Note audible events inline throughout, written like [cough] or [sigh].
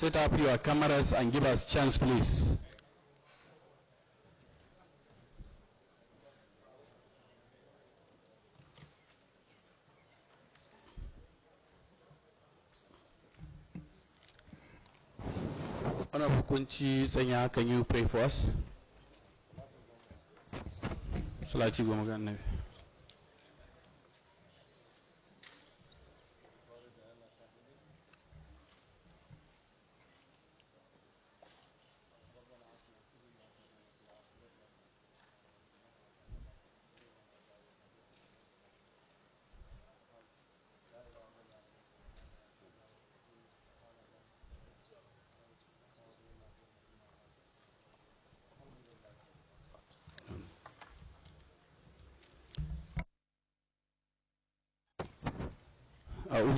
Set up your cameras and give us chance, please. Honorable Kunchi Zanya, can you pray for us? Salati Gomagan.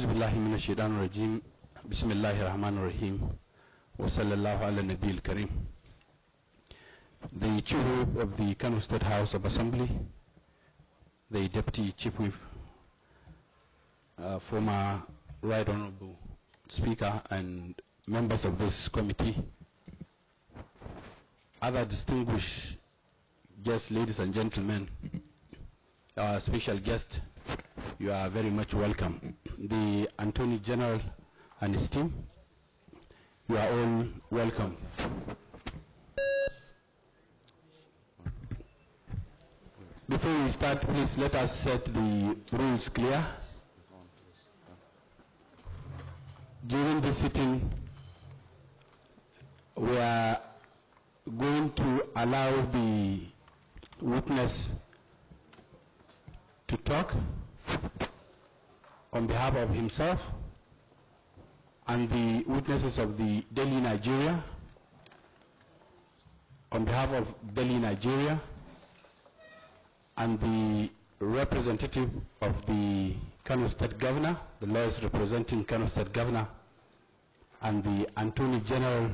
أعوذ بالله من الشيطان الرجيم بسم الله الرحمن الرحيم وصلى الله على النبي الكريم The Chief Whip of the Kano State House of Assembly, the Deputy Chief Whip, uh, former Right Honorable Speaker and members of this committee, other distinguished guests, ladies and gentlemen, our special guest, you are very much welcome. The Attorney General and his team, you are all welcome. Before we start, please let us set the rules clear. During the sitting, we are going to allow the witness to talk on behalf of himself and the witnesses of the Delhi Nigeria, on behalf of Delhi Nigeria and the representative of the Kano State Governor, the lawyers representing Kano State Governor and the Attorney General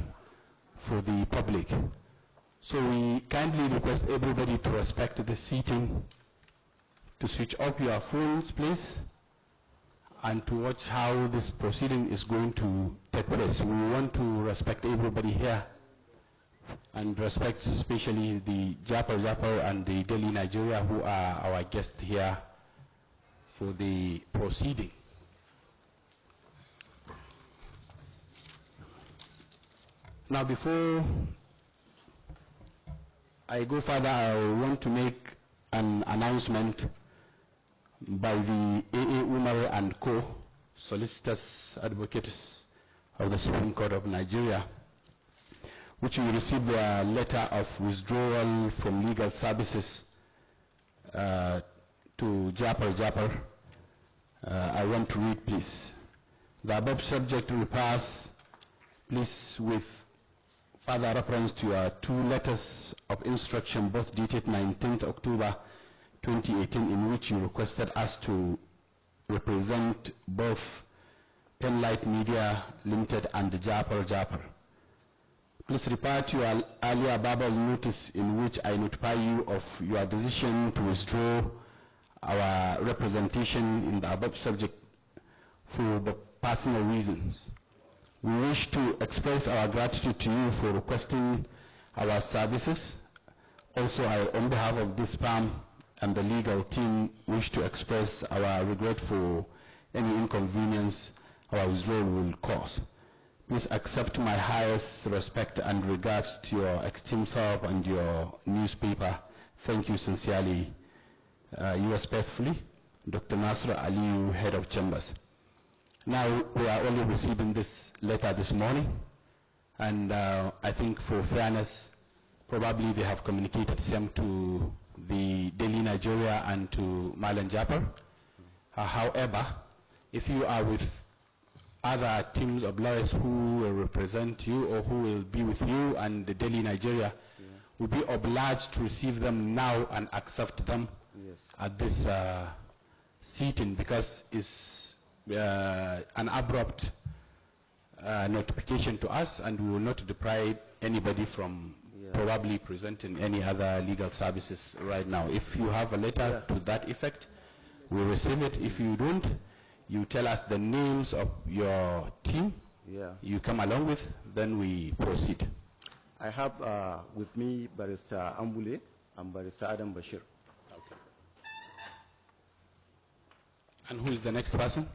for the public. So we kindly request everybody to respect the seating to switch off your phones, please, and to watch how this proceeding is going to take place. We want to respect everybody here and respect especially the Japo Japo and the Delhi Nigeria who are our guests here for the proceeding. Now before I go further, I want to make an announcement by the A.A. Umar and Co., Solicitors Advocates of the Supreme Court of Nigeria, which will receive a letter of withdrawal from legal services uh, to Japar Japar. Uh, I want to read, please. The above subject pass, please, with further reference to your two letters of instruction, both dated 19th October 2018 in which you requested us to represent both Penlight Media Limited and Japal Japal. Please refer to your earlier verbal notice in which I notify you of your decision to withdraw our representation in the above subject for the personal reasons. We wish to express our gratitude to you for requesting our services. Also, I, on behalf of this firm, and the legal team wish to express our regret for any inconvenience our withdrawal will cause. Please accept my highest respect and regards to your esteemed self and your newspaper. Thank you sincerely. Uh, yours faithfully, Dr. Nasra Aliu, Head of Chambers. Now, we are only receiving this letter this morning, and uh, I think for fairness, probably they have communicated same to the Delhi Nigeria and to Malan Jaber. Uh, however, if you are with other teams of lawyers who will represent you or who will be with you and the Delhi Nigeria, yeah. will be obliged to receive them now and accept them yes. at this uh, sitting because it's uh, an abrupt uh, notification to us and we will not deprive anybody from probably present in any other legal services right now. If you have a letter to that effect, we receive it. If you don't, you tell us the names of your team yeah. you come along with, then we proceed. I have uh, with me Barrister Ambule and Barrister Adam Bashir. Okay. And who is the next person?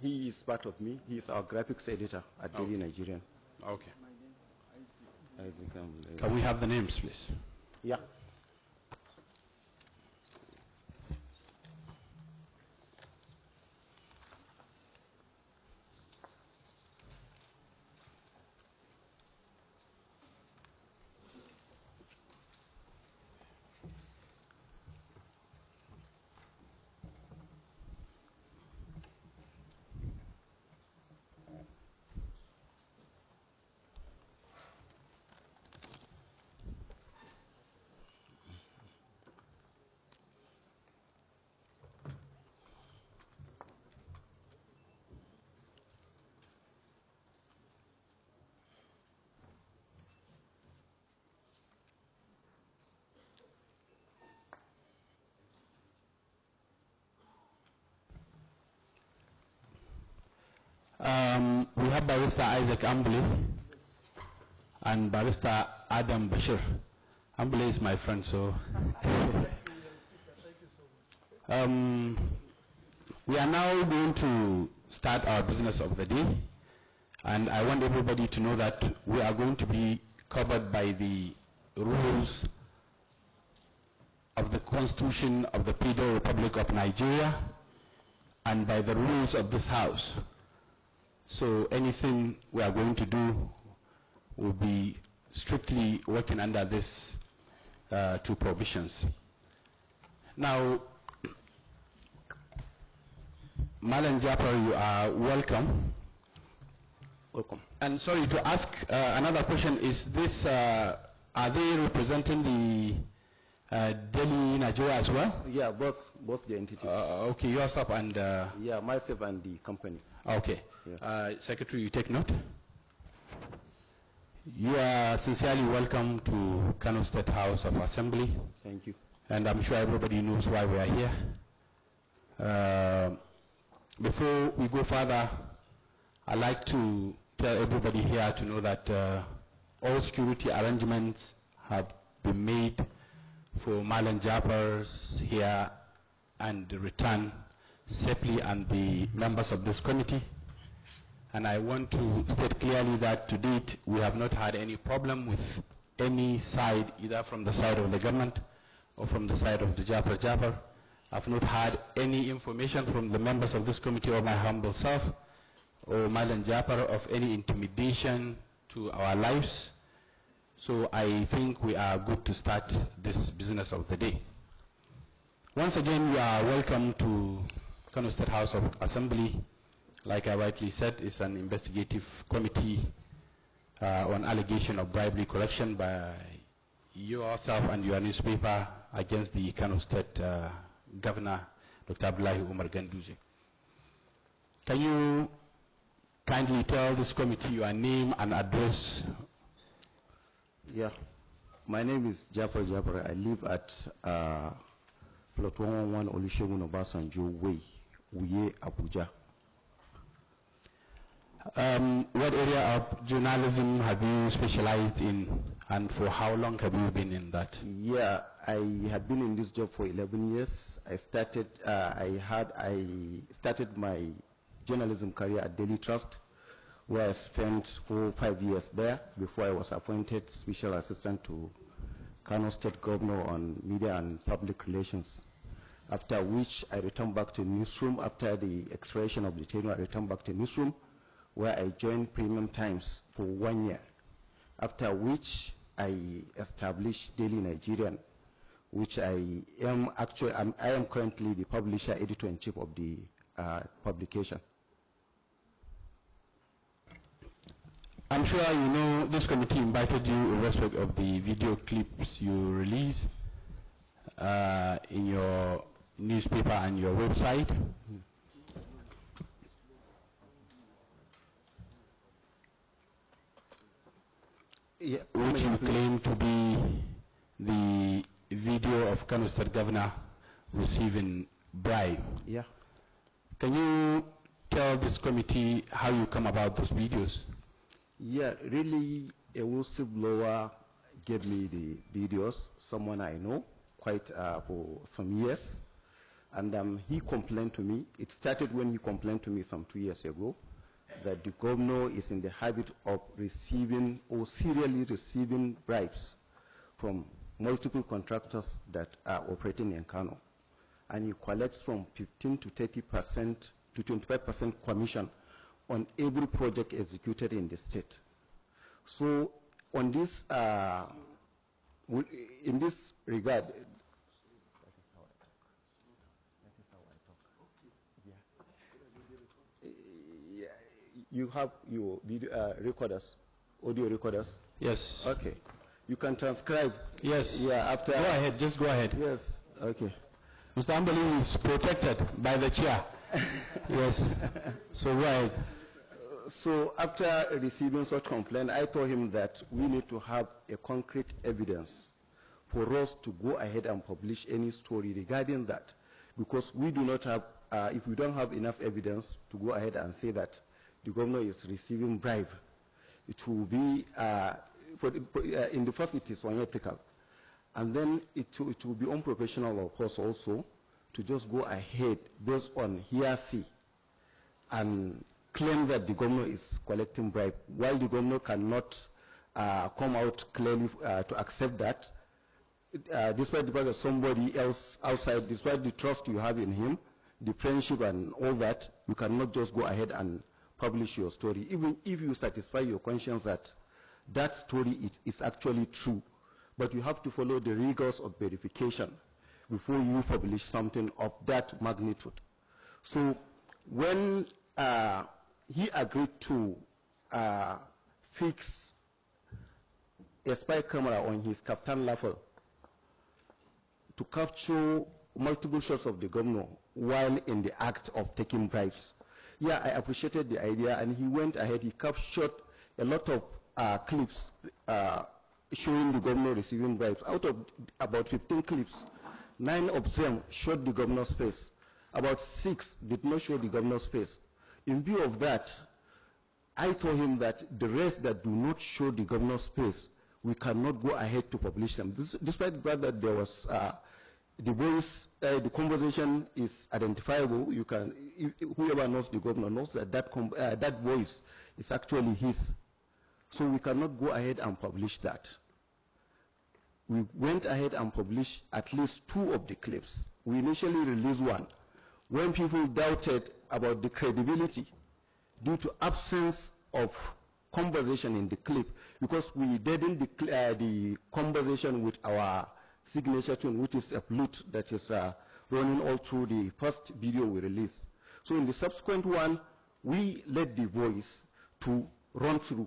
He is part of me. He is our graphics editor at okay. Daily oh. Nigerian. Okay. Can we have the names, please? Yeah. Barista Isaac Ambule and Barista Adam Bashir. Ambule is my friend, so. [laughs] um, we are now going to start our business of the day, and I want everybody to know that we are going to be covered by the rules of the Constitution of the Federal Republic of Nigeria and by the rules of this House. So anything we are going to do will be strictly working under these uh, two provisions. Now, Malan Japar, you are welcome. Welcome. And sorry to ask uh, another question: Is this uh, are they representing the uh, Delhi, Nigeria as well? Yeah, both, both the entities. Uh, okay, yourself and... Uh, yeah, myself and the company. Okay. Yeah. Uh, secretary, you take note. You are sincerely welcome to Kano State House of Assembly. Thank you. And I'm sure everybody knows why we are here. Uh, before we go further, I'd like to tell everybody here to know that all security arrangements have been made for Marlon Jappers here and return safely and the members of this committee. And I want to state clearly that to date we have not had any problem with any side, either from the side of the government or from the side of the Japa Japa. I've not had any information from the members of this committee or my humble self or Marlon Japa of any intimidation to our lives so I think we are good to start this business of the day. Once again, you are welcome to Kano State House of Assembly. Like I rightly said, it's an investigative committee uh, on allegation of bribery collection by yourself and your newspaper against the Kano State uh, Governor, Dr. Abdullahi Umar Ganduze. Can you kindly tell this committee your name and address yeah. My name is Jafar Jafar. I live at uh, plot 111 Olusegun Obasanjo Way, Uye, Abuja. Um, what area of journalism have you specialized in and for how long have you been in that? Yeah, I have been in this job for 11 years. I started, uh, I had, I started my journalism career at Daily Trust where I spent four five years there before I was appointed Special Assistant to Kano State Governor on Media and Public Relations. After which I returned back to newsroom after the expiration of the tenure. I returned back to newsroom where I joined Premium Times for one year. After which I established Daily Nigerian, which I am actually I'm, I am currently the publisher editor in chief of the uh, publication. I'm sure you know this committee invited you in respect of the video clips you release uh, in your newspaper and your website. Yeah, which you claim to be the video of Kano State Governor receiving bribe. Yeah. Can you tell this committee how you come about those videos? Yeah, really, a whistleblower gave me the videos, someone I know quite uh, for some years. And um, he complained to me. It started when he complained to me some two years ago that the governor is in the habit of receiving or serially receiving bribes from multiple contractors that are operating in Kano. And he collects from 15 to 30 percent to 25 percent commission on every project executed in the state. So on this, uh, in this regard, you have your video, uh, recorders, audio recorders? Yes. Okay. You can transcribe? Yes. Yeah, after. Go ahead, just go ahead. Yes, okay. Mr. Ambali is protected by the chair. [laughs] yes. So, right so after receiving such complaint, I told him that we need to have a concrete evidence for us to go ahead and publish any story regarding that because we do not have, uh, if we don't have enough evidence to go ahead and say that the governor is receiving bribe, it will be, uh, for, for, uh, in the first it is unethical. And then it, it will be unprofessional of us also to just go ahead based on hearsay and claim that the governor is collecting bribe, while the governor cannot uh, come out clearly uh, to accept that, uh, despite the fact that somebody else outside, despite the trust you have in him, the friendship and all that, you cannot just go ahead and publish your story, even if you satisfy your conscience that that story is, is actually true. But you have to follow the rigors of verification before you publish something of that magnitude. So when uh, he agreed to uh, fix a spy camera on his captain level to capture multiple shots of the governor while in the act of taking bribes. Yeah, I appreciated the idea, and he went ahead. He captured a lot of uh, clips uh, showing the governor receiving bribes. Out of about 15 clips, nine of them showed the governor's face. About six did not show the governor's face. In view of that, I told him that the rest that do not show the governor's face, we cannot go ahead to publish them. This, despite the fact that there was uh, the voice, uh, the conversation is identifiable. You can, whoever knows the governor knows that that, uh, that voice is actually his. So we cannot go ahead and publish that. We went ahead and published at least two of the clips. We initially released one. When people doubted about the credibility due to absence of conversation in the clip because we didn't the, uh, the conversation with our signature tune which is a flute that is uh, running all through the first video we released. So in the subsequent one we let the voice to run through.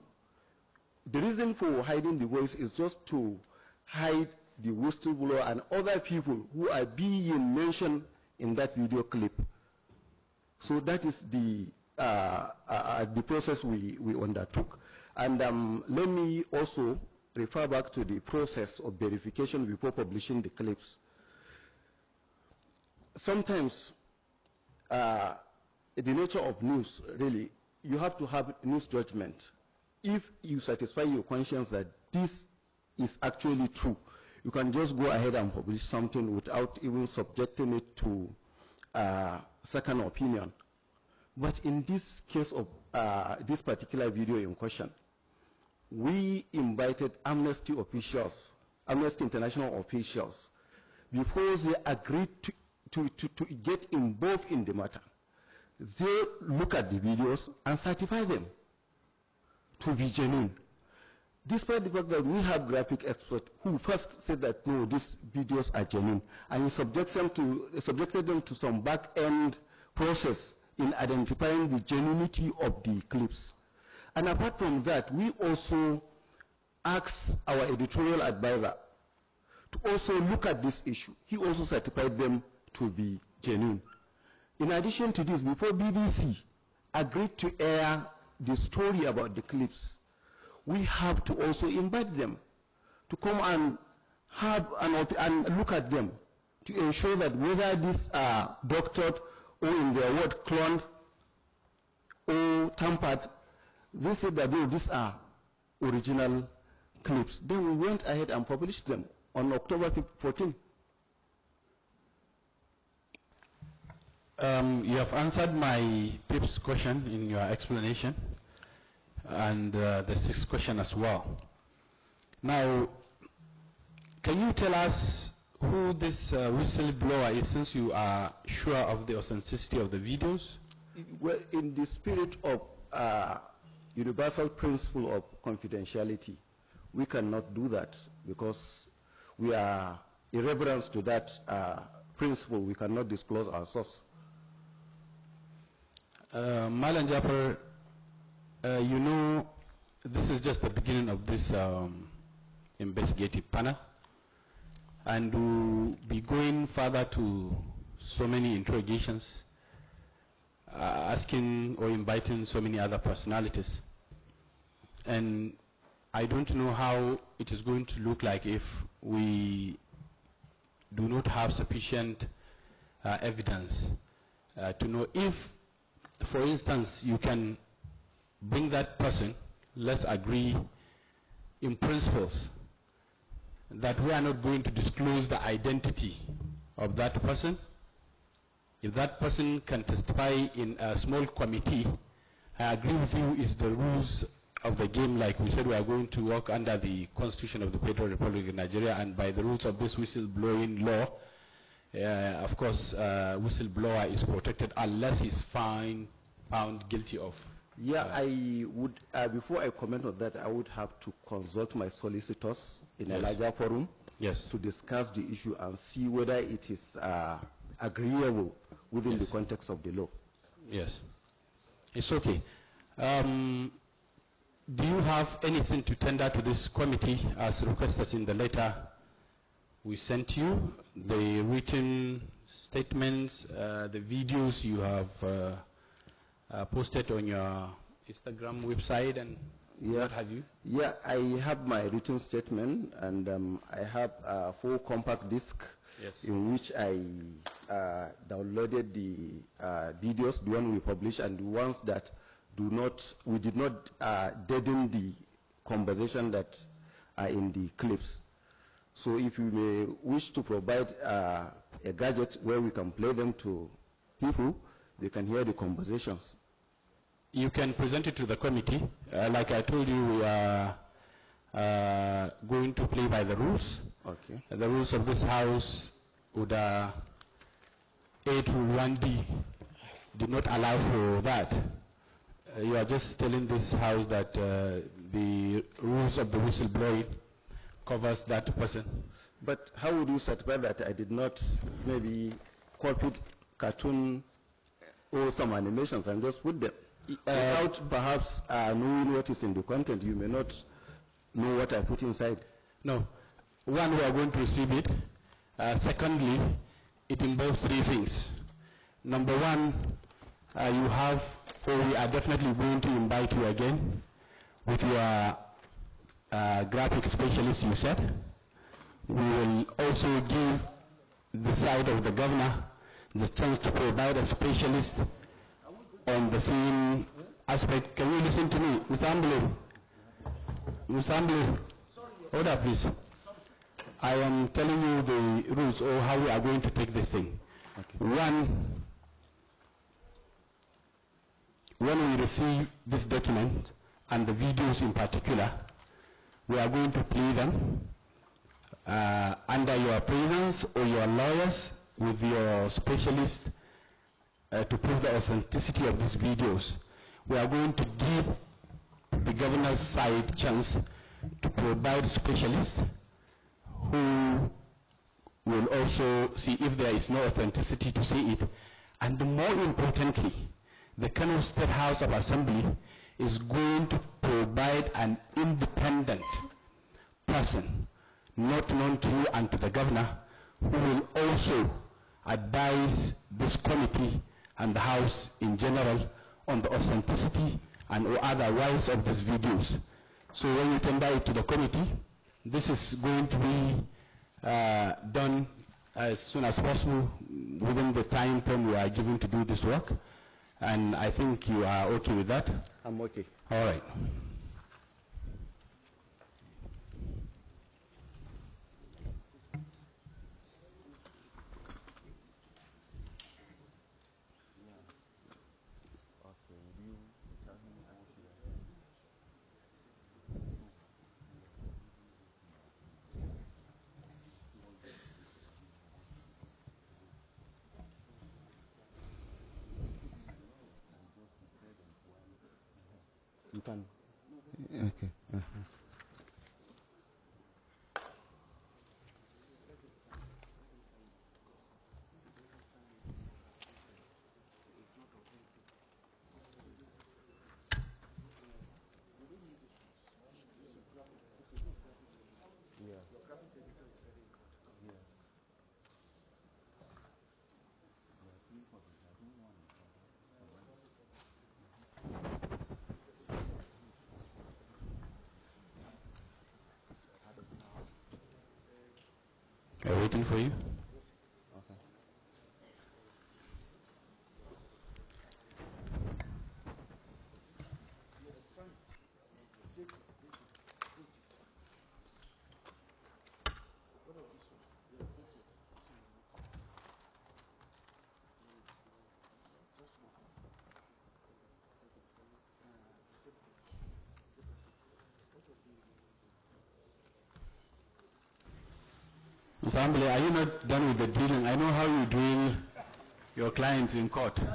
The reason for hiding the voice is just to hide the whistleblower and other people who are being mentioned in that video clip. So that is the, uh, uh, uh, the process we, we undertook. And um, let me also refer back to the process of verification before publishing the clips. Sometimes uh, the nature of news, really, you have to have news judgment. If you satisfy your conscience that this is actually true, you can just go ahead and publish something without even subjecting it to uh, second opinion. But in this case of uh, this particular video in question, we invited Amnesty officials, Amnesty International officials, before they agreed to, to, to, to get involved in the matter. They look at the videos and certify them to be genuine. Despite the fact that we have graphic experts who first said that no, these videos are genuine, and we subjected them to, subjected them to some back-end process in identifying the genuinity of the clips. And apart from that, we also asked our editorial advisor to also look at this issue. He also certified them to be genuine. In addition to this, before BBC agreed to air the story about the clips, we have to also invite them to come and have an and look at them to ensure that whether these are doctored or in their word cloned or tampered, they said that oh, these are original clips. Then we went ahead and published them on October 14. Um, you have answered my fifth question in your explanation and uh, the sixth question as well. Now, can you tell us who this uh, whistleblower is since you are sure of the authenticity of the videos? Well, in the spirit of uh, universal principle of confidentiality, we cannot do that because we are in reverence to that uh, principle. We cannot disclose our source. Uh, Malan uh, you know, this is just the beginning of this um, investigative panel and we'll be going further to so many interrogations, uh, asking or inviting so many other personalities. And I don't know how it is going to look like if we do not have sufficient uh, evidence uh, to know if, for instance, you can bring that person, let's agree in principles that we are not going to disclose the identity of that person. If that person can testify in a small committee, I agree with you, it's the rules of the game, like we said, we are going to work under the Constitution of the Federal Republic of Nigeria, and by the rules of this whistleblowing law, uh, of course, uh, whistleblower is protected unless he's found, found guilty of yeah, I would, uh, before I comment on that, I would have to consult my solicitors in yes. a larger forum yes. to discuss the issue and see whether it is uh, agreeable within yes. the context of the law. Yes. It's okay. Um, do you have anything to tender to this committee as requested in the letter we sent you? The written statements, uh, the videos you have uh, uh, posted on your Instagram website and yeah. what have you? Yeah, I have my written statement and um, I have a full compact disc yes. in which I uh, downloaded the uh, videos, the one we published and the ones that do not, we did not uh, deaden the conversation that are in the clips. So if you may wish to provide uh, a gadget where we can play them to people, they can hear the conversations you can present it to the committee. Uh, like I told you, we are uh, going to play by the rules. Okay. The rules of this House would uh, one d did not allow for that. Uh, you are just telling this House that uh, the rules of the whistleblowing covers that person. But how would you certify that I did not maybe copy cartoon or some animations and just put them? Without uh, perhaps uh, knowing what is in the content, you may not know what I put inside. No. One, we are going to receive it. Uh, secondly, it involves three things. Number one, uh, you have, or we are definitely going to invite you again with your uh, graphic specialist you said. We will also give the side of the governor the chance to provide a specialist and the same aspect. Can you listen to me? Mr. Ambulu, hold up please. I am telling you the rules or how we are going to take this thing. Okay. One, when we receive this document and the videos in particular, we are going to play them uh, under your presence or your lawyers with your specialist uh, to prove the authenticity of these videos. We are going to give the governor's side chance to provide specialists who will also see if there is no authenticity to see it. And more importantly, the Kano State House of Assembly is going to provide an independent person, not known to you and to the governor, who will also advise this committee and the House in general on the authenticity and other otherwise of these videos. So when you tender it to the committee, this is going to be uh, done as soon as possible within the time frame we are given to do this work. And I think you are okay with that? I'm okay. All right. Gracias. waiting for you. Bambale, are you not done with the drilling? I know how you drill your clients in court. Um,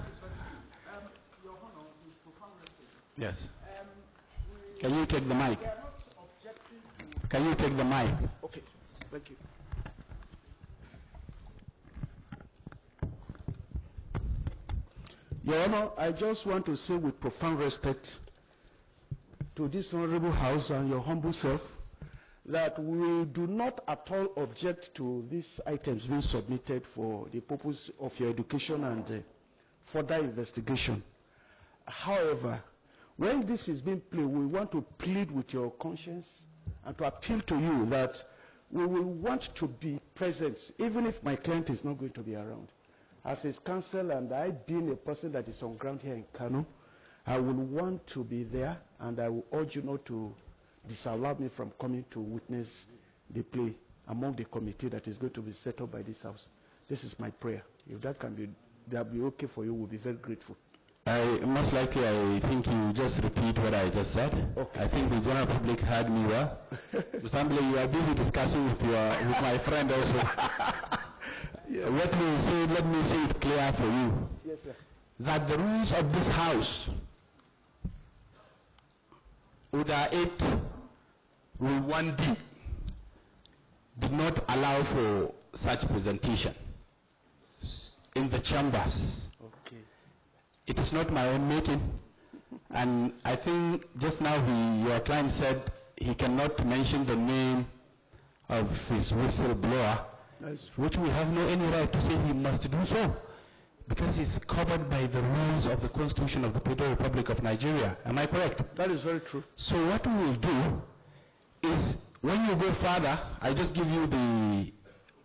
yes. Um, Can you take the mic? Can you take the mic? Okay. Thank you. Your Honor, I just want to say with profound respect to this honorable house and your humble self that we do not at all object to these items being submitted for the purpose of your education and uh, further investigation. However, when this is being played, we want to plead with your conscience and to appeal to you that we will want to be present, even if my client is not going to be around. As his counsel and I being a person that is on ground here in Kano, I will want to be there and I will urge you not to disallowed me from coming to witness the play among the committee that is going to be set up by this house. This is my prayer. If that can be, that will be okay for you, we'll be very grateful. I most likely I think you just repeat what I just said. Okay. I think the general public heard me well. Assembly, [laughs] you are busy discussing with your with my friend also. yeah. Let me say let me say it clear for you. Yes, sir. That the rules of this house Order 8 Rule 1D did not allow for such presentation in the chambers. Okay. It is not my own making. and I think just now he, your client said he cannot mention the name of his whistleblower, nice. which we have no any right to say he must do so, because he's covered by the rules of the Constitution of the Federal Republic of Nigeria. Am I correct? That is very true. So what we will do is when you go further, I just give you the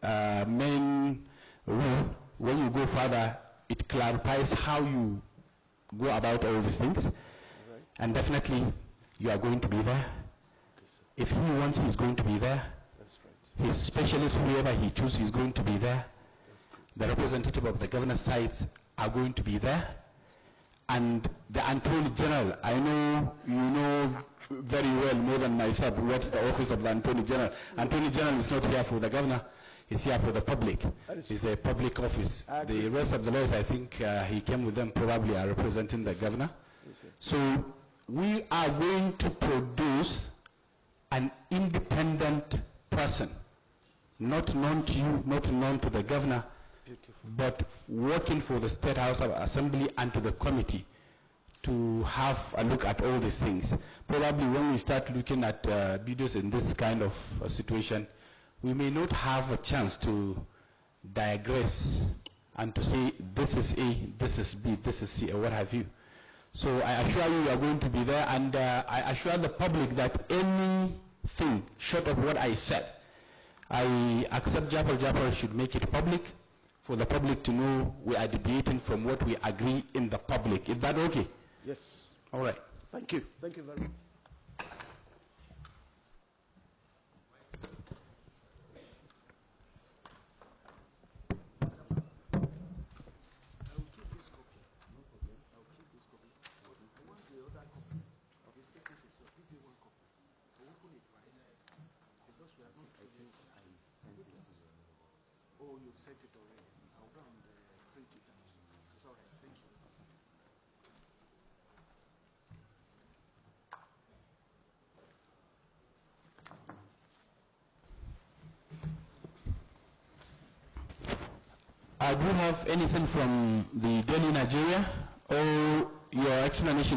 uh, main rule. When you go further, it clarifies how you go about all these things. Right. And definitely, you are going to be there. If he wants, he's going to be there. Right. His specialist, whoever he chooses, is going to be there. The representative of the governor's sides are going to be there. And the Attorney General, I know you know very well, more than myself, What's the office of the Attorney General. Attorney General is not here for the governor. He's here for the public. It's a public office. The rest of the lawyers, I think uh, he came with them, probably are representing the governor. So we are going to produce an independent person, not known to you, not known to the governor, but working for the State House of Assembly and to the committee to have a look at all these things. Probably when we start looking at uh, videos in this kind of uh, situation, we may not have a chance to digress and to say this is A, this is B, this is C, or what have you. So I assure you, you are going to be there, and uh, I assure the public that anything short of what I said, I accept Japal Japal should make it public for the public to know we are deviating from what we agree in the public. Is that okay? Yes. All right. Thank you. Thank you very much.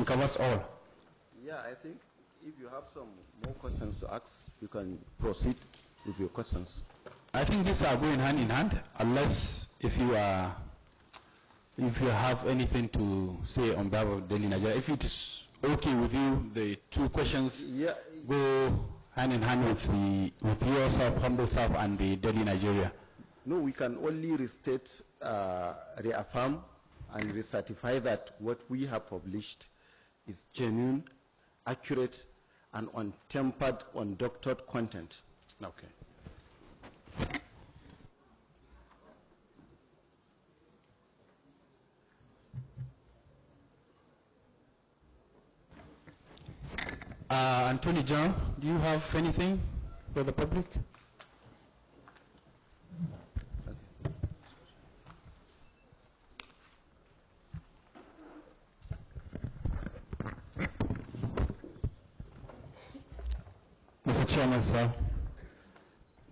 time covers all. Yeah, I think if you have some more questions to ask, you can proceed with your questions. I think these are going hand in hand, unless if you are, if you have anything to say on behalf of Delhi Nigeria. If it is okay with you, the two questions yeah. go hand in hand with the with yourself, humble self, and the Delhi Nigeria. No, we can only restate, uh, reaffirm, and recertify that what we have published is genuine, accurate, and untempered, undoctored content. Okay. Uh, Anthony John, do you have anything for the public? Chairman, sir, uh,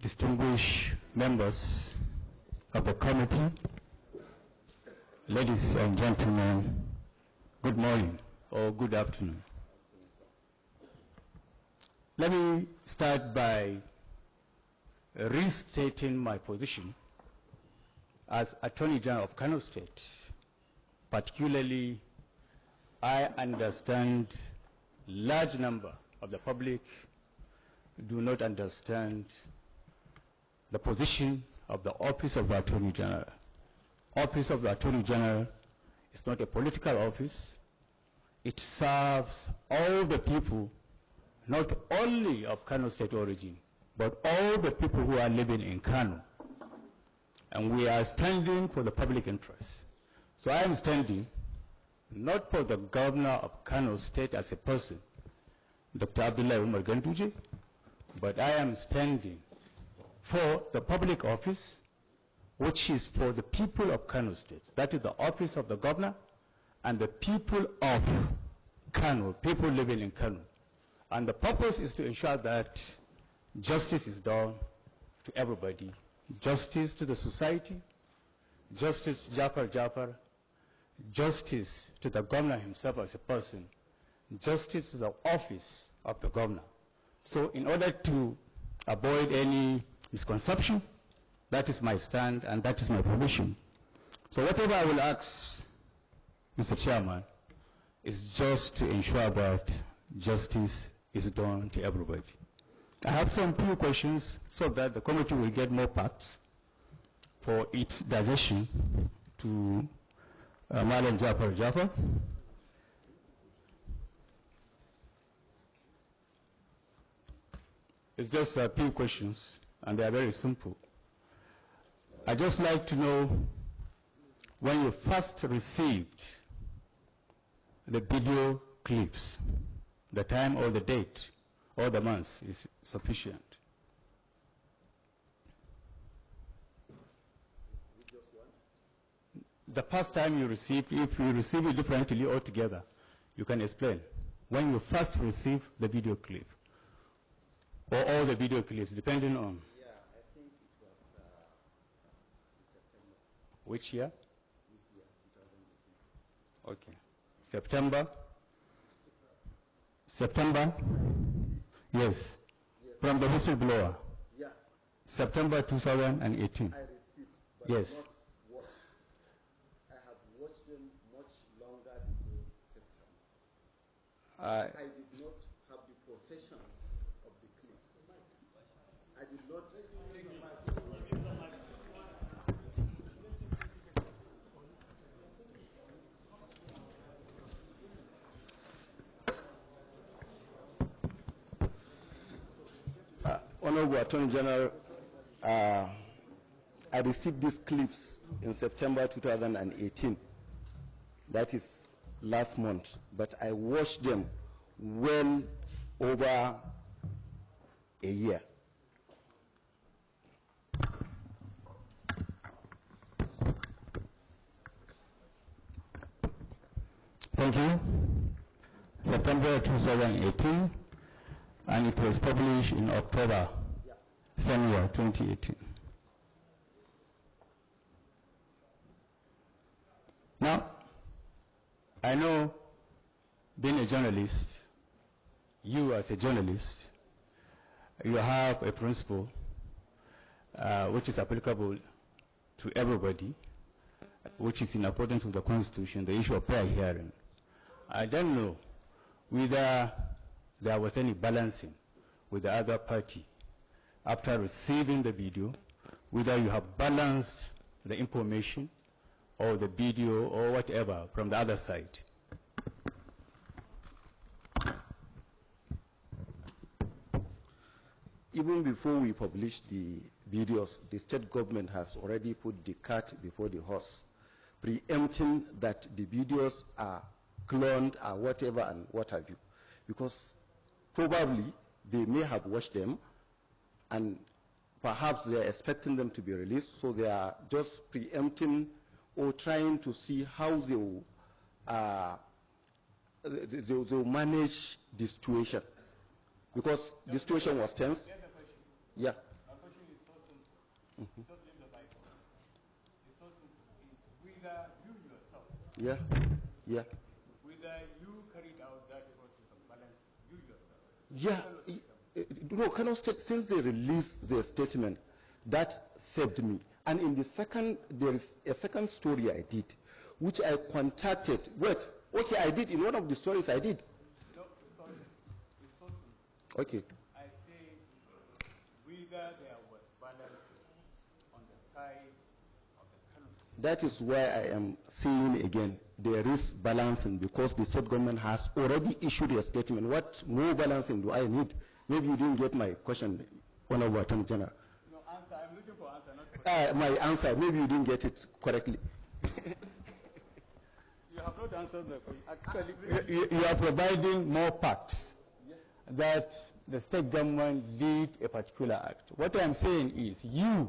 distinguished members of the committee, ladies and gentlemen, good morning or good afternoon. Let me start by restating my position as Attorney General of Kano State. Particularly, I understand large number of the public do not understand the position of the Office of the Attorney General. Office of the Attorney General is not a political office. It serves all the people, not only of Kano state origin, but all the people who are living in Kano. And we are standing for the public interest. So I am standing not for the governor of Kano state as a person, Dr. Abdullah Umar Ganduje, but I am standing for the public office, which is for the people of Kano State. That is the office of the governor and the people of Kano, people living in Kano. And the purpose is to ensure that justice is done to everybody, justice to the society, justice to Jafar Jafar, justice to the governor himself as a person, justice to the office of the governor. So in order to avoid any misconception, that is my stand and that is my position. So whatever I will ask, Mr. Chairman, is just to ensure that justice is done to everybody. I have some few questions so that the committee will get more facts for its digestion to uh, Malam Jafar Jaffa. It's just a few questions, and they are very simple. I just like to know when you first received the video clips, the time or the date or the month is sufficient. The first time you received, if you receive it differently altogether, you can explain when you first received the video clip or all the video clips, depending on. Yeah, I think it was uh, September. Which year? This year, 2018. Okay. September? September? Yes. yes. From the whistleblower? Yeah. September 2018. I received, but yes. not watched. I have watched them much longer before September. I, I did not have the possession I did not. Honorable Attorney General, uh, I received these clips in September 2018. That is last month. But I watched them well over a year. Thank you. September 2018, and it was published in October, yeah. same year, 2018. Now, I know being a journalist, you as a journalist, you have a principle uh, which is applicable to everybody, which is in accordance with the Constitution, the issue of fair hearing. I don't know whether there was any balancing with the other party after receiving the video, whether you have balanced the information or the video or whatever from the other side. Even before we publish the videos, the state government has already put the cart before the horse, preempting that the videos are cloned or whatever and what have you. Because probably they may have watched them and perhaps they are expecting them to be released, so they are just preempting or trying to see how they will, uh, they, they will manage the situation. Because yeah, the situation was tense. Yeah. My question is so simple. Mm -hmm. Don't leave the It's so simple. It's whether you yourself. Yeah. Yeah. Yeah, no, Kano State, since they released their statement, that saved me. And in the second, there is a second story I did, which I contacted. Wait, okay, I did in one of the stories I did. No, sorry, Okay. I say whether there was balance on the side of the country. That is why I am seeing again there is balancing because the state government has already issued a statement. What more balancing do I need? Maybe you didn't get my question, Honorable Attorney General. No, answer. I'm looking for answer, not question. Uh, my answer. Maybe you didn't get it correctly. [laughs] you have not answered the question. Actually, you, are providing more facts that the state government did a particular act. What I'm saying is you,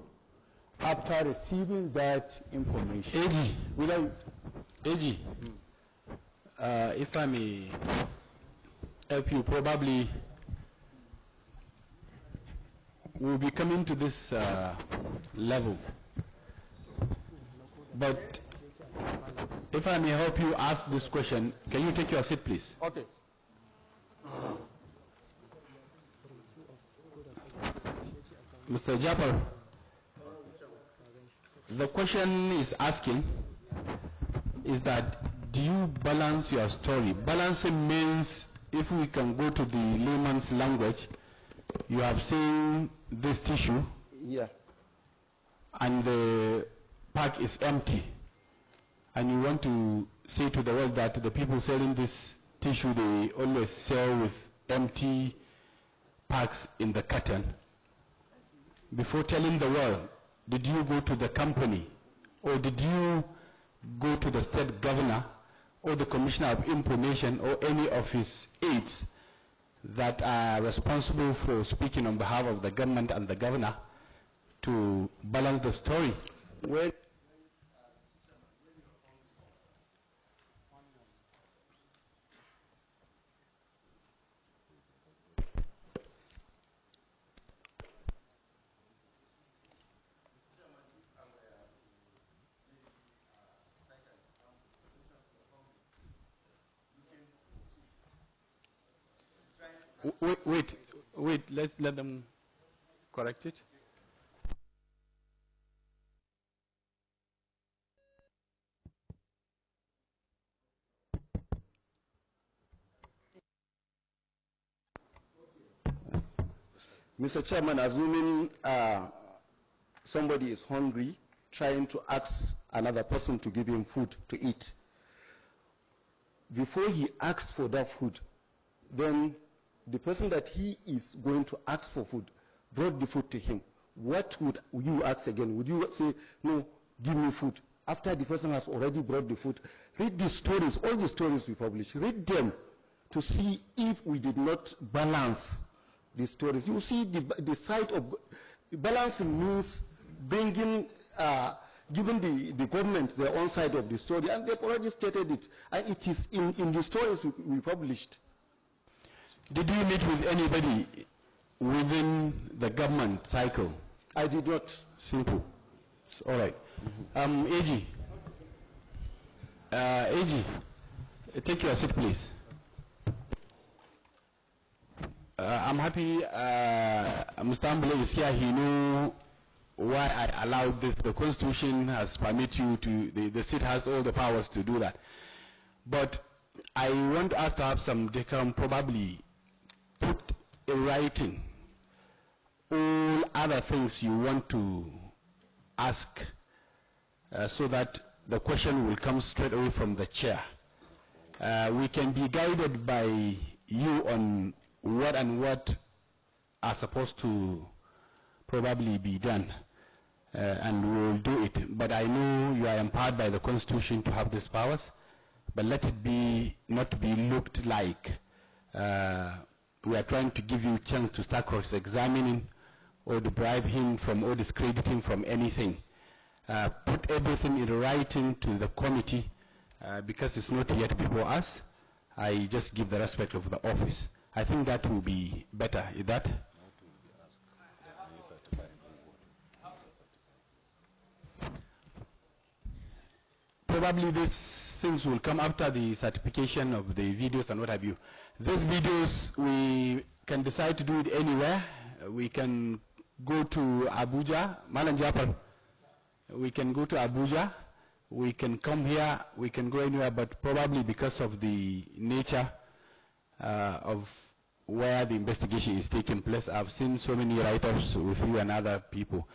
after receiving that information, without AG, uh, if I may help you, probably we'll be coming to this uh, level. But if I may help you ask this question, can you take your seat, please? Okay. Mr. Japar, the question is asking is that do you balance your story? Balancing means, if we can go to the layman's language, you have seen this tissue. Yeah. And the pack is empty. And you want to say to the world that the people selling this tissue, they always sell with empty packs in the carton. Before telling the world, did you go to the company or did you go to the state governor or the commissioner of information or any of his aides that are responsible for speaking on behalf of the government and the governor to balance the story. wait, wait, wait, let, let them correct it. Mr. Chairman, assuming uh, somebody is hungry, trying to ask another person to give him food to eat, before he asks for that food, then the person that he is going to ask for food brought the food to him, what would you ask again? Would you say, no, give me food? After the person has already brought the food, read the stories, all the stories we publish, read them to see if we did not balance the stories. You see the, the side of balancing means bringing, uh, giving the, the government their own side of the story, and they've already stated it. And it is in, in the stories we, we published, did you meet with anybody within the government cycle? I did not. Simple. It's all right. Mm-hmm. Um, AG. Uh, AG, take your seat, please. Uh, I'm happy uh, Mr. Ambele is here. He knew why I allowed this. The Constitution has permitted you to, the, the seat has all the powers to do that. But I want us to have some decorum, probably put in writing all other things you want to ask uh, so that the question will come straight away from the chair. Uh, we can be guided by you on what and what are supposed to probably be done, uh, and we will do it. But I know you are empowered by the Constitution to have these powers, but let it be not be looked like uh, we are trying to give you a chance to start cross-examining or to bribe him from or discredit him from anything. Uh, put everything in writing to the committee uh, because it's not yet before us. I just give the respect of the office. I think that will be better. Is that? Probably these things will come after the certification of the videos and what have you. These videos we can decide to do it anywhere. We can go to Abuja, Malan We can go to Abuja. We can come here. We can go anywhere, but probably because of the nature uh, of where the investigation is taking place. I've seen so many write-ups with you and other people.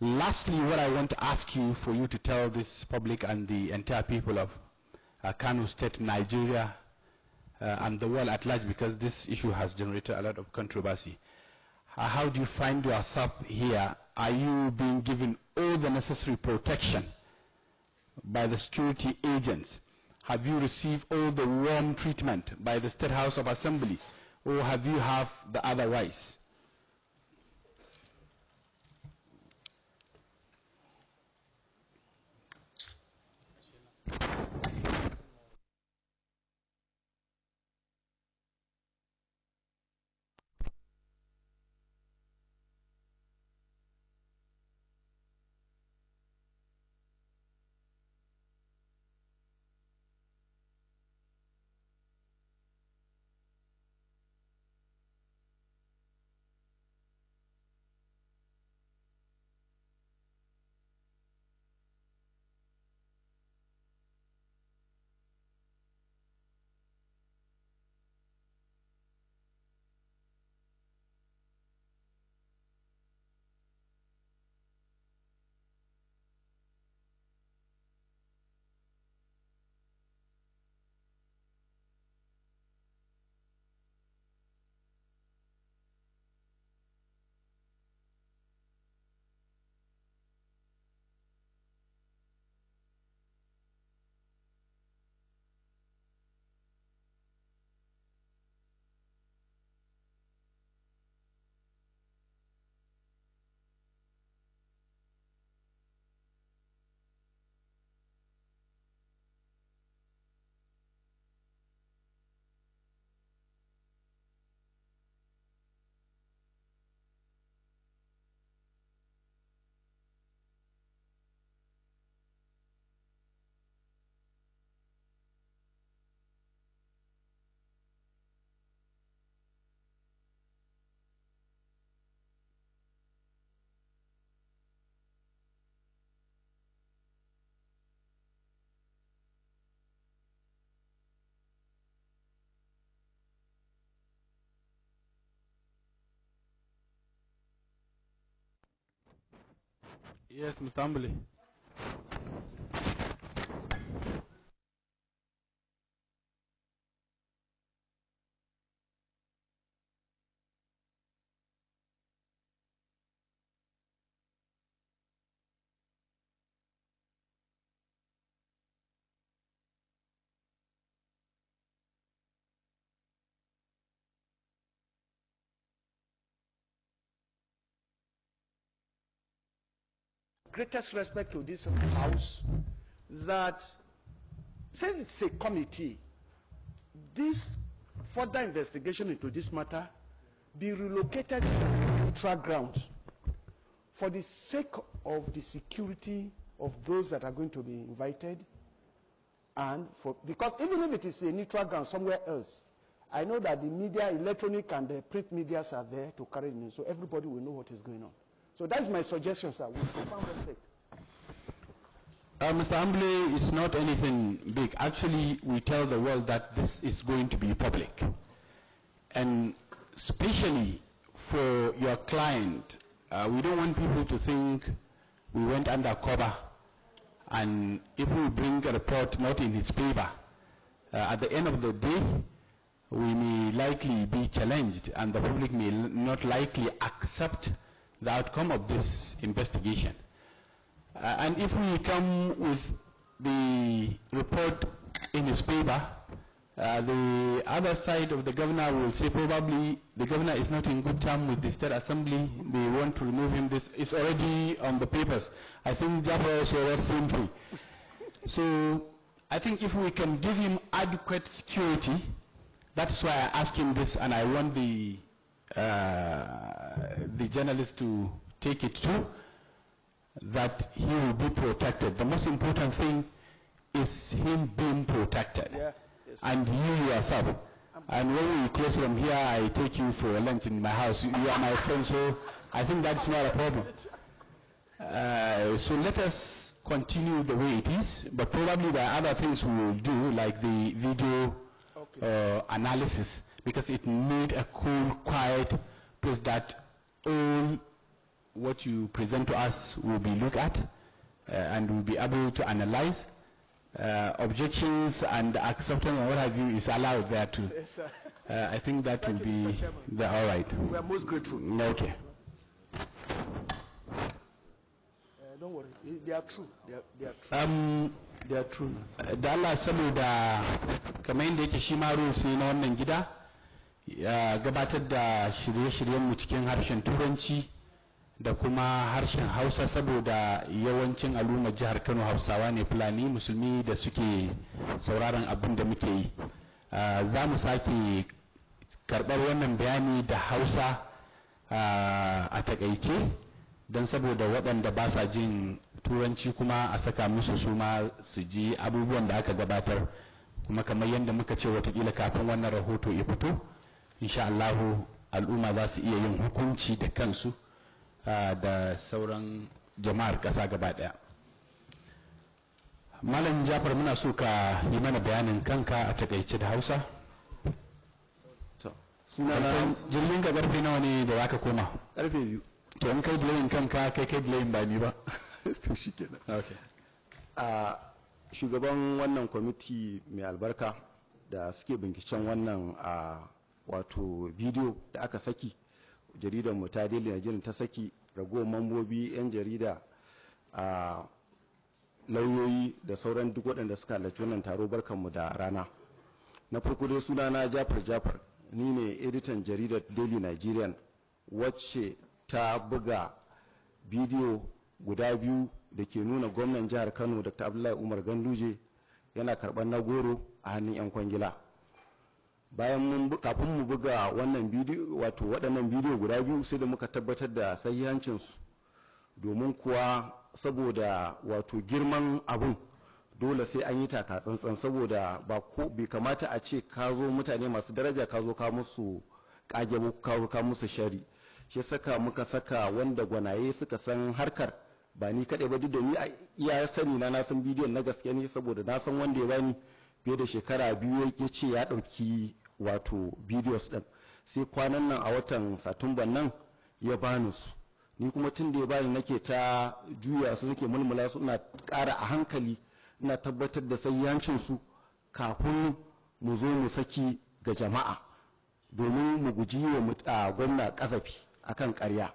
Lastly, what I want to ask you for you to tell this public and the entire people of uh, Kano State, Nigeria, uh, and the world at large because this issue has generated a lot of controversy. Uh, how do you find yourself here? Are you being given all the necessary protection by the security agents? Have you received all the warm treatment by the State House of Assembly? Or have you have the other otherwise? Yes, Msambli. greatest respect to this House that since it's a committee, this further investigation into this matter be relocated to neutral ground for the sake of the security of those that are going to be invited and for because even if it is a neutral ground somewhere else i know that the media electronic and the print medias are there to carry the news so everybody will know what is going on so that's my suggestion, sir, with profound respect. Uh, Mr. Amble, it's not anything big. Actually, we tell the world that this is going to be public. And especially for your client, uh, we don't want people to think we went undercover and if we bring a report not in his favor, uh, at the end of the day, we may likely be challenged and the public may not likely accept the outcome of this investigation. Uh, and if we come with the report in his favor, uh, the other side of the governor will say probably the governor is not in good term with the state assembly. They want to remove him. This is already on the papers. I think Jaffa Sherer simply. so I think if we can give him adequate security, that's why I ask him this and I want the uh, the journalist to take it to, that he will be protected. The most important thing is him being protected. Yeah, And you yourself. Um, and when we close from here, I take you for lunch in my house. You are my friend, so I think that's not a problem. Uh, so let us continue the way it is, but probably there are other things we will do, like the video okay. uh, analysis because it needs a cool, quiet place that all what you present to us will be looked at uh, and will be able to analyze. Uh, objections and acceptance and what have you is allowed there too. Yes, uh, I think that Thank will you, be the, all right. We are most grateful. Mm, okay. Uh, don't worry, they are true. They are, they are true. Um, they are true. Dala saboda kamar yadda yake rules wannan gida. ya gabatar da shirye-shiryenmu cikin harshen turanci da kuma harshen hausa saboda yawancin al'ummar jihar kano hausawa ne fulani musulmi da suke sauraron abin da muke yi za mu sake karɓar wannan bayani da hausa a takaice don saboda waɗanda ba sa jin turanci kuma a saka musu su ma su ji abubuwan da aka gabatar kuma kamar yadda muka ce watakila kafin wannan rahoto ya fito insha Allahu al'umma za su iya yin hukunci da kansu ah, da sauran jama'ar ƙasa gaba ɗaya malam jafar muna so ka yi mana bayanin kanka a takaice da hausa jirgin ka ƙarfe nawa ne da za ka koma Ƙarfe biyu to in kai dilayin kanka kai kai dilayin ba ni ba [laughs] to shi kenan a ah, shugaban wannan kwamiti mai albarka da suke binkicen wannan a ah, wato bidiyo da aka saki jaridar mu ta daily nigerian ta saki rago mambobi 'yan jarida a lauyoyi da sauran duk waɗanda suka halarci wannan taro mu da rana na farko dai suna na jafar jafar ni ne editan jaridar daily nigerian wacce ta buga bidiyo guda biyu da ke nuna gwamnan jihar kano dr abdullahi umar ganduje yana karɓar na goro a hannun 'yan kwangila bayan mun kafin mu buga wannan bidiyo wato waɗannan bidiyo guda biyu sai da muka tabbatar da sahihancinsu domin kuwa saboda wato girman abun dole sai an yi taka tsantsan saboda ba ko bai kamata a ce ka zo mutane masu daraja ka zo ka musu kage ka ka musu shari shi saka muka saka wanda gwanaye suka san harkar ba ni kaɗai ba duk da ni iya sani na na san bidiyon na gaske ne saboda na san wanda ya bani fiye da shekara biyu ya ce ya ɗauki wato videos ɗin sai kwanan nan a watan satumban nan ya bani su ni kuma tun da ya bani nake ta juya su nake mulmula su ina ƙara a hankali na tabbatar da yancin su kafin mu zo mu saki ga jama'a domin mu guji wa gwamna kasafi akan ƙarya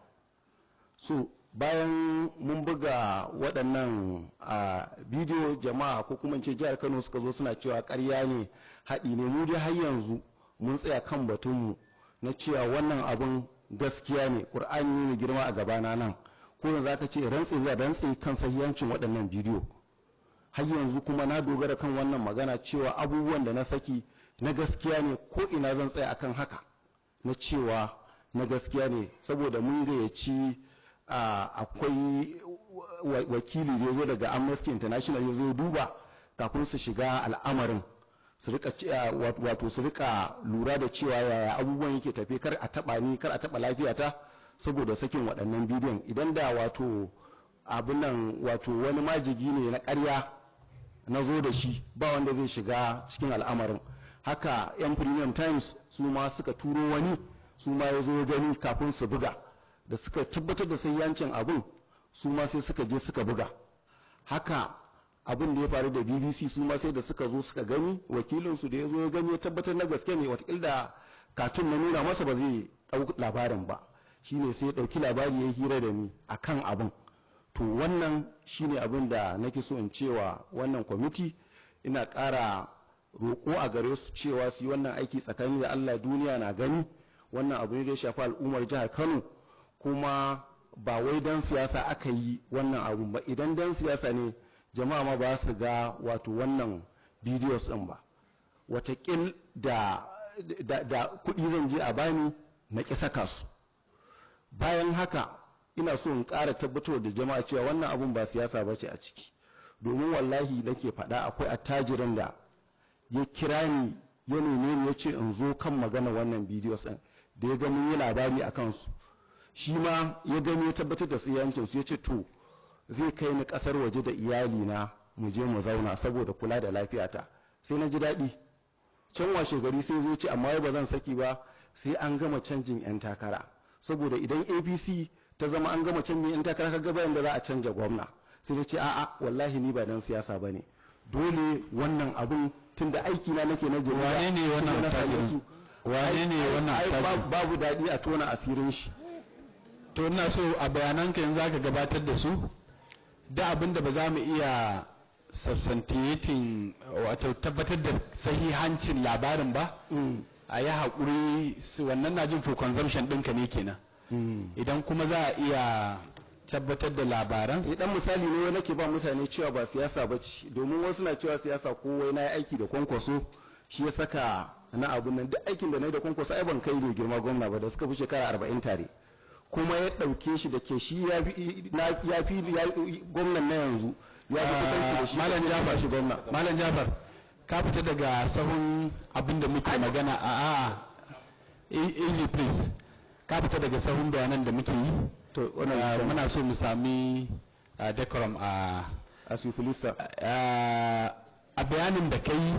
so bayan mun buga waɗannan a bidiyo jama'a ko kuma ce jihar kano suka zo suna cewa karya ne haɗi ne mu dai har yanzu mun tsaya kan batunmu na cewa wannan abun gaskiya ne ƙur'ani ne girma a gabana nan ko yanzu aka ce rantse zai rantse kan sahihancin waɗannan bidiyo har yanzu kuma na dogara kan wannan magana cewa abubuwan da na saki na gaskiya ne ko ina zan tsaya akan haka na cewa na gaskiya ne saboda mun gayyaci akwai wakili da ya zo daga amnesty international ya zo duba kafin su shiga al'amarin su rika wato su rika lura da cewa yaya abubuwan yake tafi kar a taba ni kar a taba lafiyata saboda sakin waɗannan bidiyon idan da wato abin nan wato wani majigi ne na ƙarya na zo da shi ba wanda zai shiga cikin al'amarin haka yan premium times su ma suka turo wani su ma ya zo gani kafin su buga da suka tabbatar da sai yancin abin su ma sai suka je suka buga haka abin da ya faru da bbc su ma sai da suka zo suka gani wakilinsu da ya zo ya gani ya tabbatar na gaske ne watakila katun na nuna masa ba zai ɗau labarin ba shine sai ya dauki labari ya hira da ni akan abin to wannan shine abin da nake so in cewa wannan kwamiti ina kara roƙo a gare su cewa su yi wannan aiki tsakanin da allah duniya na gani wannan abu ne da ya shafi al'ummar jihar kano kuma ba wai dan siyasa aka yi wannan abun ba idan dan siyasa ne jama'a ma ba su ga wato wannan videos din ba watakil da da, da kuɗi zan je a bani na ƙi saka su bayan haka ina so in ƙara tabbatar da jama'a cewa wannan abun ba siyasa ba ce a ciki domin wallahi nake faɗa akwai attajirin da ya kira ni ya neme ni ya ce in zo kan magana wannan bidiyos din da ya ga mun yi labari a kansu shi ma ya gani ya tabbatar da tsiyancin su ya ce to zai kai ni kasar waje da iyali na mu je mu zauna saboda kula da lafiyata sai na ji daɗi can washe gari sai zo ce amma ba zan saki ba sai an gama canjin 'yan takara saboda idan apc ta zama an gama canjin 'yan takara ka gaba yadda za a canja gwamna sai na ce a'a wallahi ni ba dan siyasa ba ne dole wannan abun tunda aiki na nake na jama'a wane ne wannan tajirin wane ne wannan tajin babu daɗi a tona asirin shi to ina so a bayanan ka yanzu zaka gabatar da su da abin da ba za mu iya sarsantiyatin wato tabbatar da sahihancin labarin ba mm. a yi haƙuri wannan na jin for consumption ɗinka ne kenan mm. idan kuma za a iya tabbatar da labaran idan misali ne wani ke ba mutane cewa ba siyasa ba ce domin wasu na cewa siyasa wai na yi aiki da kwankwaso shi ya saka na abun nan duk aikin da na yi da kwankwaso ai ban kai ne girma gwamna ba da suka fi shekara arba'in tare kuma ya ɗauke shi da ke shi ya fi gwamnan na yanzu ya fi kusanci da shi malam jafar shi gwamna malam jafar ka fita daga sahun abin da muke magana a a e, easy please ka fita daga sahun bayanan da muke yi to ah, muna so mu sami ah, decorum a ah, asifilista a bayanin da kai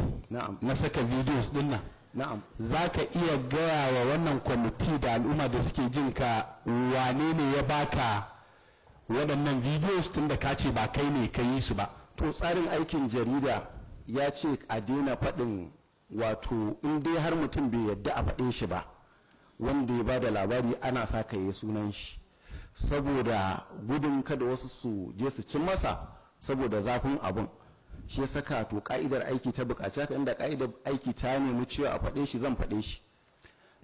na saka videos din nan na'am za ka iya gaya wa wannan kwamiti da al'umma da suke jin ka wane ne ya baka waɗannan videos tun da ka ce ba kai ne ka yi su ba to tsarin aikin jarida ya ce a daina faɗin wato in dai har mutum bai yadda a faɗin shi ba wanda ya ba da labari ana sa ka yi sunan shi saboda gudun kada wasu su je su cin masa saboda zafin abun shi ya saka to ka'idar aiki ta bukaci haka inda ka'idar aiki ta nemi cewa a faɗe shi zan faɗe shi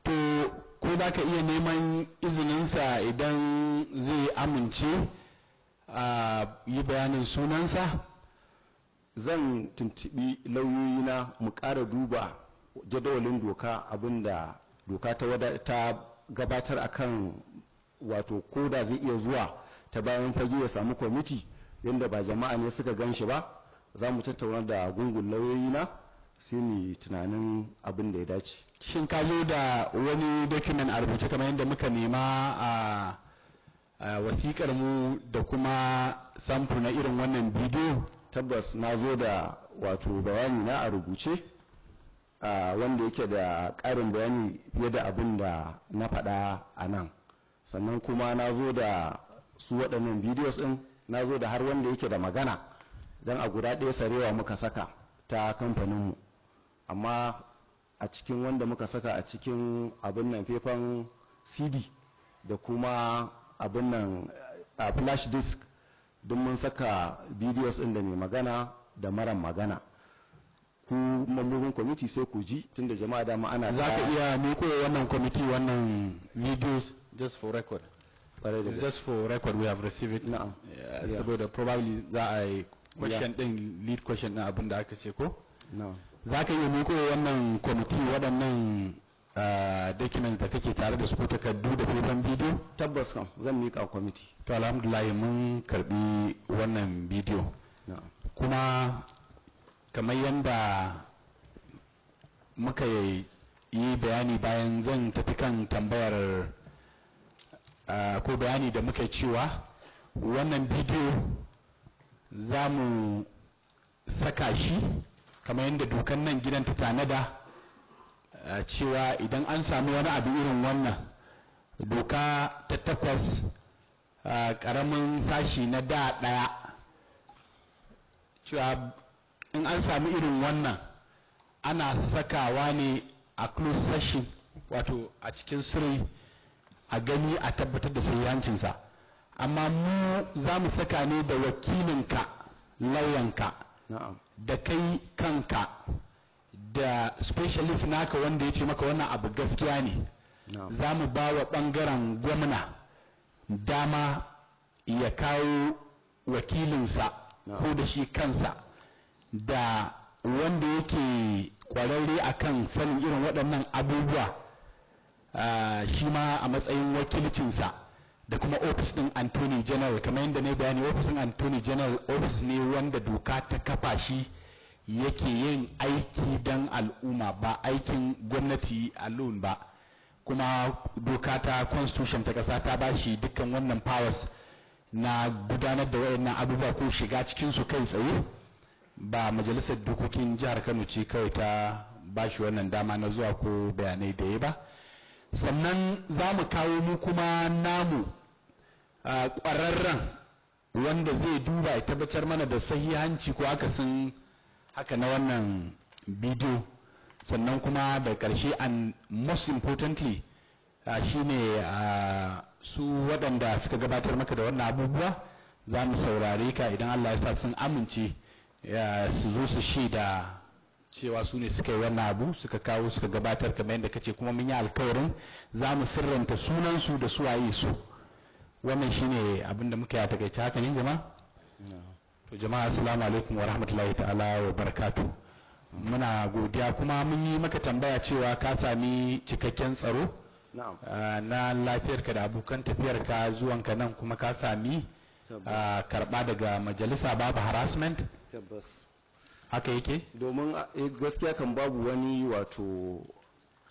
to ko za ka iya neman izininsa idan zai amince a yi bayanin sunansa zan tuntubi lauyoyina mu ƙara duba jadawalin doka abinda doka ta gabatar a kan wato ko da zai iya zuwa ta bayan fage ya samu kwamiti yadda ba jama'a ne suka gan shi ba za mu tattauna da gungun lauyoyi na sai mu tunanin abin da ya dace shin ka zo da wani dokumen a rubuce kamar yadda muka nema a wasikar mu da kuma samfu na irin wannan bidiyo tabbas na zo da wato bayani na a rubuce wanda yake da ƙarin bayani fiye da abin da na faɗa a nan sannan kuma na zo da su waɗannan bidiyos ɗin na zo da har wanda yake da magana don a guda ɗaya sarewa muka saka ta kamfaninmu amma a cikin wanda muka saka a cikin abin nan faifan cd da kuma abin nan a flash disk don mun saka videos ɗin da mai magana da maran magana ku mambobin kwamiti sai ku ji tun da jama'a dama ana za ka iya miko wannan kwamiti wannan videos just for record just for record we have received it na'am saboda probably za a yi question din lead question din abin da aka ce ko za ka iya miko wannan kwamiti waɗannan ah, document da kake tare da su ko takardu da faifan bidiyo tabbas kam zan mika kwamiti to alhamdulillah mun karbi wannan bidiyo kuma kamar yadda muka yi bayani bayan zan tafi kan tambayar ah, ko bayani da muka cewa wannan bidiyo za mu saka shi kamar yadda dokan nan gidan ta tanada cewa idan an sami wani abu irin wannan doka ta takwas karamin sashi na da ɗaya cewa in an sami irin wannan ana sakawa ne a close session wato a cikin sirri a gani a tabbatar da sayyancinsa amma mu za mu saka ne da wakilinka lauyanka da kai kanka da specialist naka wanda ya ce maka wannan abu gaskiya ne za mu ba wa ɓangaren gwamna dama ya kawo wakilinsa ko da shi kansa da wanda yake kwararre a kan sanin irin waɗannan abubuwa ah, shi ma a matsayin wakilcinsa da kuma ofis ɗin Anthony General kamar yadda na bayani ofis ɗin Anthony General ofis ne wanda doka ta kafa shi yake yin aiki don al'umma ba aikin gwamnati alone ba kuma doka ta constitution ta kasa ta bashi dukkan wannan powers na gudanar da wayannan abubuwa ko shiga cikin su kai tsaye ba majalisar dokokin jihar Kano ce kawai ta bashi wannan dama na zuwa ko bayanai da ya ba sannan za mu kawo mu kuma namu ƙwararren wanda zai duba ya tabbatar mana da sahihanci ko akasin haka na wannan bidiyo sannan kuma da ƙarshe and most importantly shine su waɗanda suka gabatar maka da wannan abubuwa za mu saurare ka idan Allah ya sa sun amince su zo su shaida cewa su ne suka yi wannan abu suka kawo suka gabatar kamar yadda kace kuma mun yi alkawarin za mu sirranta sunansu da suwaye su wannan shine abin da yi a takaice haka ne jama'a to jama'a assalamu alaikum wa rahmatullahi ta'ala wa barakatu muna godiya kuma mun yi maka tambaya cewa ka sami cikakken tsaro ah, na lafiyarka da abokan tafiyarka zuwanka nan kuma ka sami ah, karba daga majalisa babu harassment haka yake domin ah, eh, gaskiya kan babu wani wato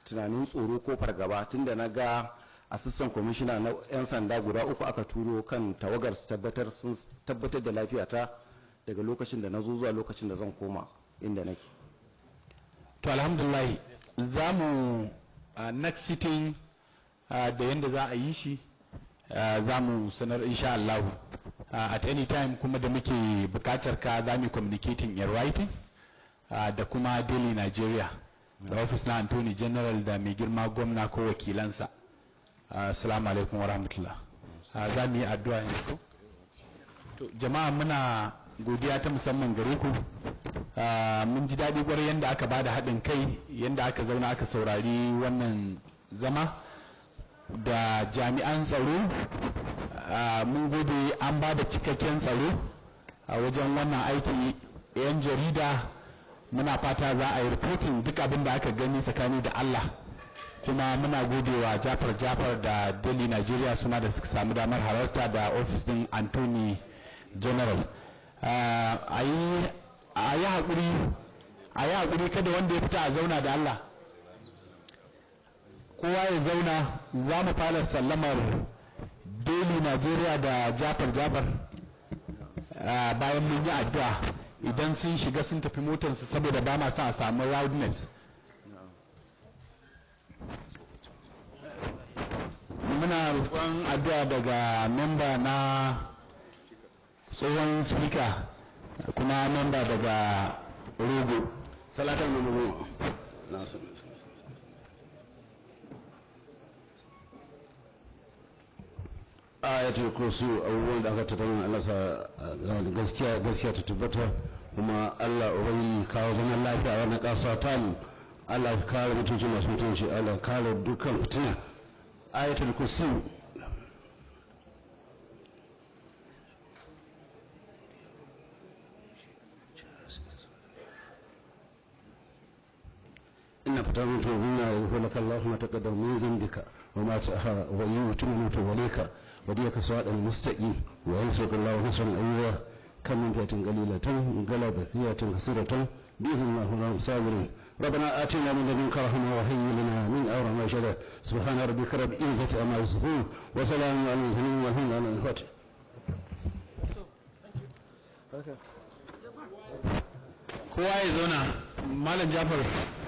tunanin tsoro ko fargaba tunda na ga assistant commissioner na 'yan sanda guda uku aka turo kan tawagar su tabbatar sun tabbatar da lafiyata daga lokacin da na zo zuwa lokacin da zan koma inda nake to alhamdulillah za mu next sitting da yanda za a yi shi uh, za mu sanar insha Allah uh, at any time kuma da muke bukatar ka za mu communicating in writing da kuma daily nigeria da office na antony general da mai girma gwamna ko wakilansa assalamu alaikum wa rahmatullah ah, za mu yi addu'a yanzu to jama'a muna godiya ta musamman gare ku ah, mun ji daɗi gwarai yadda aka ba da haɗin kai yadda aka zauna aka saurari wannan zama da jami'an tsaro ah, mun gode an ba da cikakken tsaro a wajen wannan aiki 'yan jarida muna fata za a yi rikokin duk abin da aka gani tsakani da allah kuma muna godewa jafar jafar da daily nigeria suma da suka samu damar halarta da ofis din anthony general ah, a yi haƙuri kada wanda ya fita a zauna da allah kowa ya zauna za mu fara sallamar daily nigeria da jafar jafar ah, bayan mun yi addu'a idan sun shiga sun tafi motarsu saboda ba ma sa a samu loudness muna roƙon addu'a daga memba na tsohon spika kuma memba daga rogo salatan rogo ko su abubuwan da aka tattauna Allah sa gaskiya gaskiya ta tabbata kuma Allah ubangi kawo zaman lafiya wannan kasa ta mu Allah kare mutunci masu mutunci Allah kare dukkan fitina آية الكرسي إن فتنت منا يغفر لك الله ما تقدم من ذنبك وما تأخر وإن تؤمن توليك وديك صراط المستقيم وينصرك الله نصرا أيها كم من فئة قليلة غلبت فئة كثيرة بإذن الله وهم صابرين ربنا آتنا من لدنك رحمة وهيئ لنا من أمرنا رشدا سبحان ربك رب العزة عما يصفون وسلام على المرسلين والحمد لله الفتح kowa ya zauna malam jafar